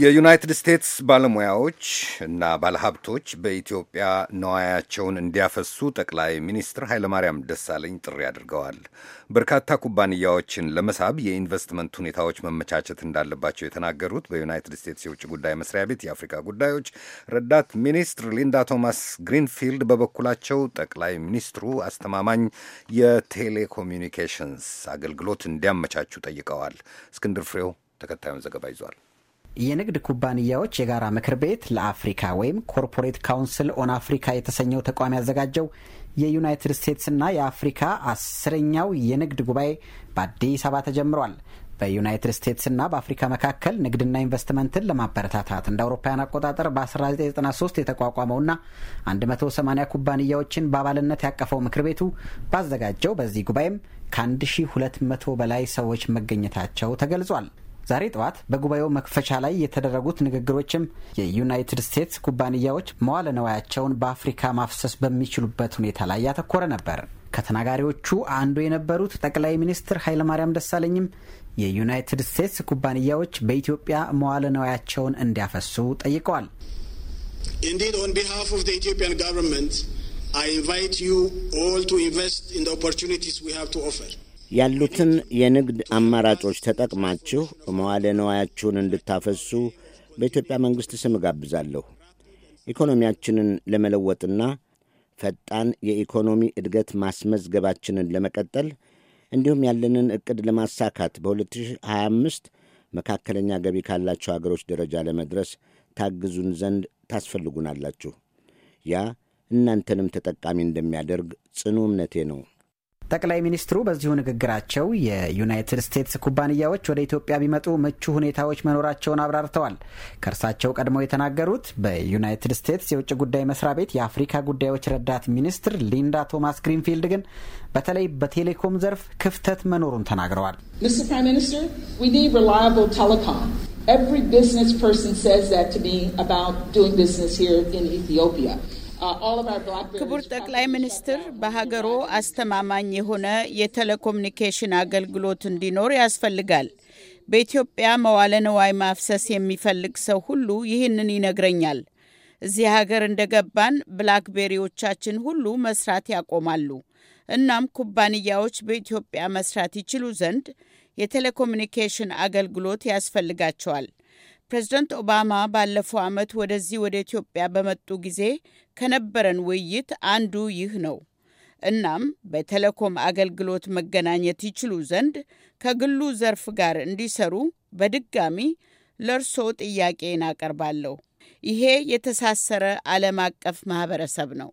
የዩናይትድ ስቴትስ ባለሙያዎች እና ባለሀብቶች በኢትዮጵያ ነዋያቸውን እንዲያፈሱ ጠቅላይ ሚኒስትር ኃይለማርያም ደሳለኝ ጥሪ አድርገዋል። በርካታ ኩባንያዎችን ለመሳብ የኢንቨስትመንት ሁኔታዎች መመቻቸት እንዳለባቸው የተናገሩት በዩናይትድ ስቴትስ የውጭ ጉዳይ መስሪያ ቤት የአፍሪካ ጉዳዮች ረዳት ሚኒስትር ሊንዳ ቶማስ ግሪንፊልድ በበኩላቸው ጠቅላይ ሚኒስትሩ አስተማማኝ የቴሌኮሚኒኬሽንስ አገልግሎት እንዲያመቻቹ ጠይቀዋል። እስክንድር ፍሬው ተከታዩን ዘገባ ይዟል። የንግድ ኩባንያዎች የጋራ ምክር ቤት ለአፍሪካ ወይም ኮርፖሬት ካውንስል ኦን አፍሪካ የተሰኘው ተቋም ያዘጋጀው የዩናይትድ ስቴትስና የአፍሪካ አስረኛው የንግድ ጉባኤ በአዲስ አበባ ተጀምሯል። በዩናይትድ ስቴትስና በአፍሪካ መካከል ንግድና ኢንቨስትመንትን ለማበረታታት እንደ አውሮፓውያን አቆጣጠር በ1993 የተቋቋመውና 180 ኩባንያዎችን በአባልነት ያቀፈው ምክር ቤቱ ባዘጋጀው በዚህ ጉባኤም ከ1200 በላይ ሰዎች መገኘታቸው ተገልጿል። ዛሬ ጠዋት በጉባኤው መክፈቻ ላይ የተደረጉት ንግግሮችም የዩናይትድ ስቴትስ ኩባንያዎች መዋለ ነዋያቸውን በአፍሪካ ማፍሰስ በሚችሉበት ሁኔታ ላይ ያተኮረ ነበር። ከተናጋሪዎቹ አንዱ የነበሩት ጠቅላይ ሚኒስትር ኃይለማርያም ደሳለኝም የዩናይትድ ስቴትስ ኩባንያዎች በኢትዮጵያ መዋለ ነዋያቸውን እንዲያፈሱ ጠይቀዋል። Indeed, on behalf of the Ethiopian government, I invite you all to invest in the opportunities we have to offer. ያሉትን የንግድ አማራጮች ተጠቅማችሁ መዋለ ነዋያችሁን እንድታፈሱ በኢትዮጵያ መንግሥት ስም እጋብዛለሁ። ኢኮኖሚያችንን ለመለወጥና ፈጣን የኢኮኖሚ እድገት ማስመዝገባችንን ለመቀጠል እንዲሁም ያለንን ዕቅድ ለማሳካት በ2025 መካከለኛ ገቢ ካላቸው አገሮች ደረጃ ለመድረስ ታግዙን ዘንድ ታስፈልጉናላችሁ። ያ እናንተንም ተጠቃሚ እንደሚያደርግ ጽኑ እምነቴ ነው። ጠቅላይ ሚኒስትሩ በዚሁ ንግግራቸው የዩናይትድ ስቴትስ ኩባንያዎች ወደ ኢትዮጵያ ቢመጡ ምቹ ሁኔታዎች መኖራቸውን አብራርተዋል። ከእርሳቸው ቀድመው የተናገሩት በዩናይትድ ስቴትስ የውጭ ጉዳይ መስሪያ ቤት የአፍሪካ ጉዳዮች ረዳት ሚኒስትር ሊንዳ ቶማስ ግሪንፊልድ ግን በተለይ በቴሌኮም ዘርፍ ክፍተት መኖሩን ተናግረዋል። Every business person says that to me about doing business here in Ethiopia. ክቡር ጠቅላይ ሚኒስትር በሀገሮ አስተማማኝ የሆነ የቴሌኮሙኒኬሽን አገልግሎት እንዲኖር ያስፈልጋል። በኢትዮጵያ መዋለ ንዋይ ማፍሰስ የሚፈልግ ሰው ሁሉ ይህንን ይነግረኛል። እዚህ ሀገር እንደገባን ብላክቤሪዎቻችን ሁሉ መስራት ያቆማሉ። እናም ኩባንያዎች በኢትዮጵያ መስራት ይችሉ ዘንድ የቴሌኮሙኒኬሽን አገልግሎት ያስፈልጋቸዋል። ፕሬዝደንት ኦባማ ባለፈው ዓመት ወደዚህ ወደ ኢትዮጵያ በመጡ ጊዜ ከነበረን ውይይት አንዱ ይህ ነው። እናም በቴሌኮም አገልግሎት መገናኘት ይችሉ ዘንድ ከግሉ ዘርፍ ጋር እንዲሰሩ በድጋሚ ለእርሶ ጥያቄን አቀርባለሁ። ይሄ የተሳሰረ ዓለም አቀፍ ማህበረሰብ ነው።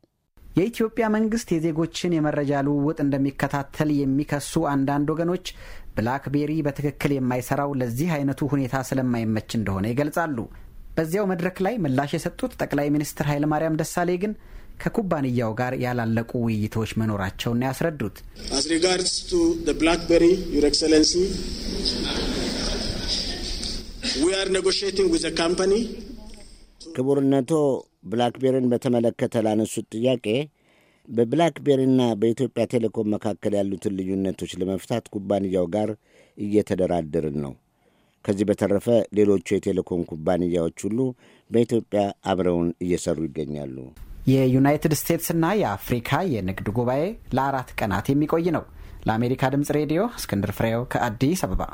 የኢትዮጵያ መንግስት የዜጎችን የመረጃ ልውውጥ እንደሚከታተል የሚከሱ አንዳንድ ወገኖች ብላክቤሪ በትክክል የማይሰራው ለዚህ አይነቱ ሁኔታ ስለማይመች እንደሆነ ይገልጻሉ። በዚያው መድረክ ላይ ምላሽ የሰጡት ጠቅላይ ሚኒስትር ኃይለማርያም ደሳሌ ግን ከኩባንያው ጋር ያላለቁ ውይይቶች መኖራቸውን ያስረዱት አስ ሪጋርድስ ቱ ብላክቤሪ ዩር ኤክሰለንሲ ዊ አር ኔጎሽቲንግ ዊዝ ካምፓኒ ክቡርነቶ ብላክቤሪን በተመለከተ ላነሱት ጥያቄ በብላክቤሪና በኢትዮጵያ ቴሌኮም መካከል ያሉትን ልዩነቶች ለመፍታት ኩባንያው ጋር እየተደራደርን ነው። ከዚህ በተረፈ ሌሎቹ የቴሌኮም ኩባንያዎች ሁሉ በኢትዮጵያ አብረውን እየሰሩ ይገኛሉ። የዩናይትድ ስቴትስና የአፍሪካ የንግድ ጉባኤ ለአራት ቀናት የሚቆይ ነው። ለአሜሪካ ድምፅ ሬዲዮ እስክንድር ፍሬው ከአዲስ አበባ